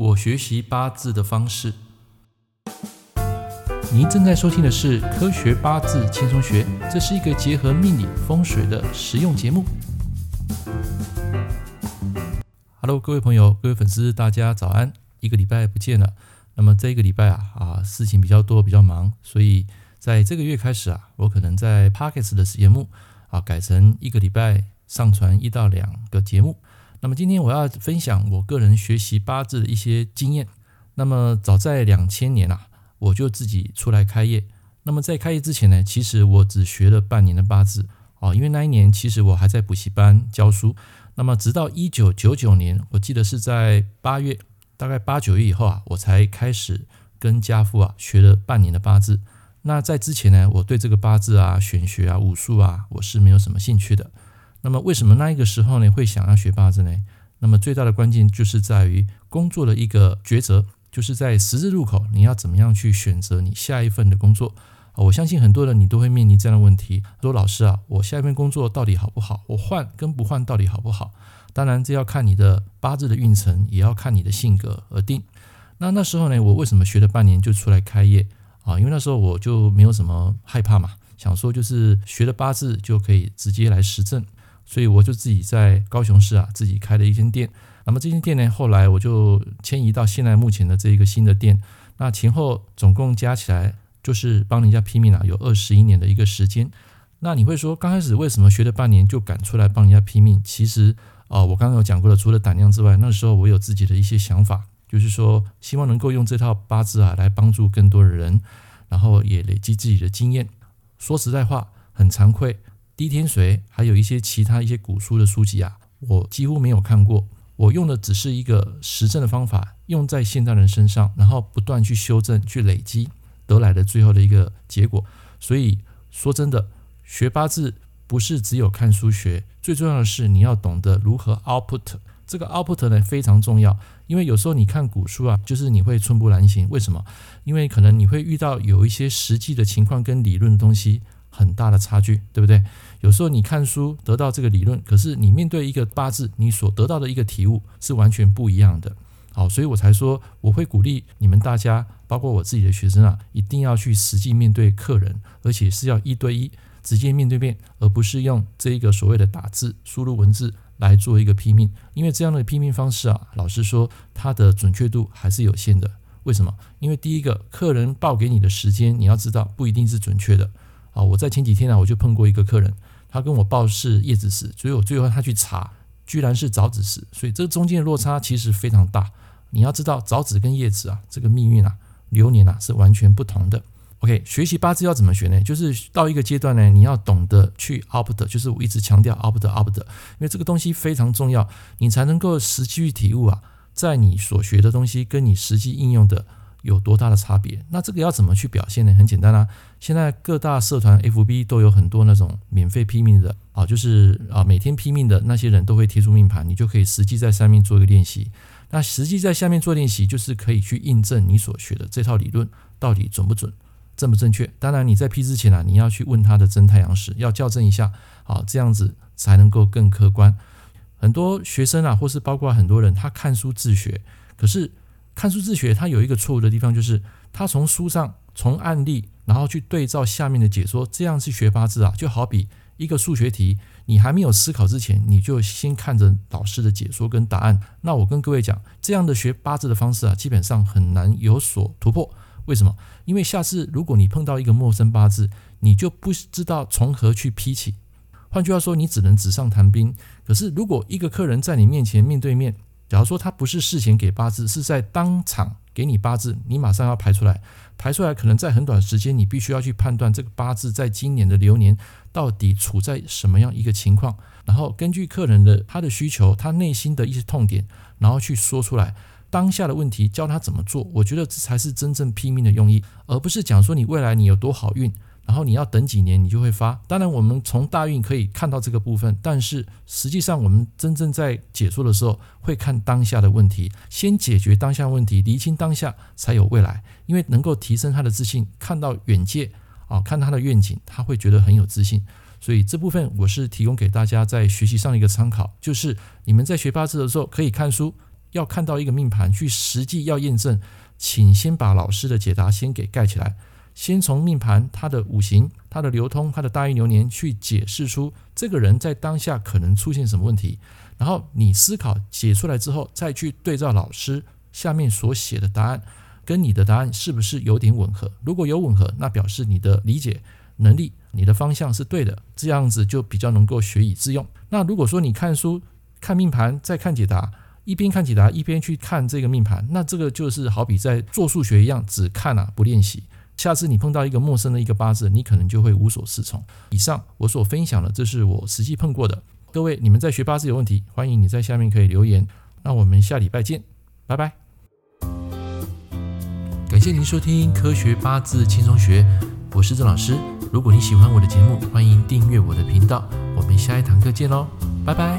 我學習八字的方式。您正在收聽的是《科學八字輕鬆學》，這是一個結合命理風水的實用節目。Hello，各位朋友，各位粉絲，大家早安！一個禮拜不見了，那麼這個禮拜啊啊，事情比較多，比較忙，所以在這個月開始啊，我可能在 Podcast 的節目啊，改成一個禮拜上傳一到兩個節目。那麼今天我要分享我個人學習八字的一些經驗。那麼早在兩千年啦、啊，我就自己出來開業。那麼在開業之前呢，其實我只學了半年的八字啊、哦，因為那一年其實我還在補習班教書。那麼直到一九九九年，我記得是在八月，大概八九月以後啊，我才開始跟家父啊學了半年的八字。那在之前呢，我對這個八字啊、玄學啊、武術啊，我是沒有什麼興趣的。那麼為什麼那一個時候呢，會想要學八字呢？那麼最大的關鍵就是在於工作的一個抉擇，就是在十字路口，你要怎麼樣去選擇你下一份的工作？我相信很多人你都會面臨這樣的問題：說老師啊，我下一份工作到底好不好？我換跟不換到底好不好？當然這要看你的八字的運程，也要看你的性格而定。那那時候呢，我為什麼學了半年就出來開業啊？因為那時候我就沒有什麼害怕嘛，想說就是學了八字就可以直接來實證。所以我就自己在高雄市啊，自己開了一間店。那麼這間店呢，後來我就遷移到現在目前的這一個新的店。那前後總共加起來就是幫人家批命啊，有二十一年的一個時間。那你會說，剛開始為什麼學了半年就敢出來幫人家批命？其實啊、呃，我剛剛有講過了，除了膽量之外，那時候我有自己的一些想法，就是說希望能夠用這套八字啊來幫助更多的人，然後也累積自己的經驗。說實在話，很慚愧。《滴天髓》還有一些其他一些古書的書籍啊，我幾乎沒有看過。我用的只是一個實證的方法，用在現代人身上，然後不斷去修正、去累積得來的最後的一個結果。所以說真的，學八字不是只有看書學，最重要的是你要懂得如何 output。這個 output 呢，非常重要，因為有時候你看古書啊，就是你會寸步難行。為什麼？因為可能你會遇到有一些實際的情況跟理論的東西很大的差距，對不對？有時候你看書得到這個理論，可是你面對一個八字，你所得到的一個體悟是完全不一樣的。好，所以我才說我會鼓勵你們大家，包括我自己的學生啊，一定要去實際面對客人，而且是要一對一直接面對面，而不是用這一個所謂的打字輸入文字來做一個批命。因為這樣的批命方式啊，老實說，它的準確度還是有限的。為什麼？因為第一個，客人報給你的時間，你要知道不一定是準確的。啊，我在前幾天呢、啊，我就碰過一個客人，他跟我報是夜子時，所以我最後他去查，居然是早子時。所以這中間的落差其實非常大。你要知道，早子跟夜子啊，這個命運啊、流年啊是完全不同的。OK，學習八字要怎麼學呢？就是到一個階段呢，你要懂得去 opt，就是我一直強調 opt，opt，因為這個東西非常重要，你才能夠實際去體悟啊，在你所學的東西跟你實際應用的。有多大的差別？那這個要怎麼去表現呢？很簡單啦、啊，現在各大社團 FB 都有很多那種免費批命的啊，就是啊每天批命的那些人都會貼出命盤，你就可以實際在上面做一個練習。那實際在下面做練習，就是可以去印證你所學的這套理論到底準不準、正不正確。當然你在批之前啊，你要去問他的真太陽時，要校正一下啊，這樣子才能夠更客觀。很多學生啊，或是包括很多人，他看書自學，可是。看書自學，他有一個錯誤的地方，就是他從書上、從案例，然後去對照下面的解說，這樣去學八字啊，就好比一個數學題，你還沒有思考之前，你就先看着老師的解說跟答案。那我跟各位講，這樣的學八字的方式啊，基本上很難有所突破。為什麼？因為下次如果你碰到一個陌生八字，你就不知道從何去批起。換句話說，你只能紙上談兵。可是，如果一個客人在你面前面對面，假如說他不是事前給八字，是在當場給你八字，你馬上要排出來，排出來可能在很短的時間，你必須要去判斷這個八字在今年的流年到底處在什麼樣一個情況，然後根據客人的他的需求，他內心的一些痛點，然後去說出來當下的問題，教他怎麼做，我覺得這才是真正批命的用意，而不是講說你未來你有多好運。然後你要等幾年，你就會發。當然，我們從大運可以看到這個部分，但是實際上我們真正在解說的時候，會看當下的問題，先解決當下問題，釐清當下才有未來。因為能夠提升他的自信，看到遠見啊，看他的願景，他會覺得很有自信。所以這部分我是提供給大家在學習上的一個參考，就是你們在學八字的時候可以看書，要看到一個命盤去實際要驗證，請先把老師的解答先給蓋起來。先從命盤、它的五行、它的流通、它的大運流年去解釋出這個人在當下可能出現什麼問題，然後你思考解出來之後，再去對照老師下面所寫的答案，跟你的答案是不是有點吻合？如果有吻合，那表示你的理解能力、你的方向是對的，這樣子就比較能夠學以致用。那如果說你看書、看命盤，再看解答，一邊看解答一邊去看這個命盤，那這個就是好比在做數學一樣，只看啊不練習。下次你碰到一個陌生的一個八字，你可能就會無所適從。以上我所分享的，這是我實際碰過的。各位，你們在學八字有問題，歡迎你在下面可以留言。那我們下禮拜見，拜拜。感謝您收聽《科學八字輕鬆學》，我是鄭老師。如果你喜歡我的節目，歡迎訂閱我的頻道。我們下一堂課見嘍，拜拜。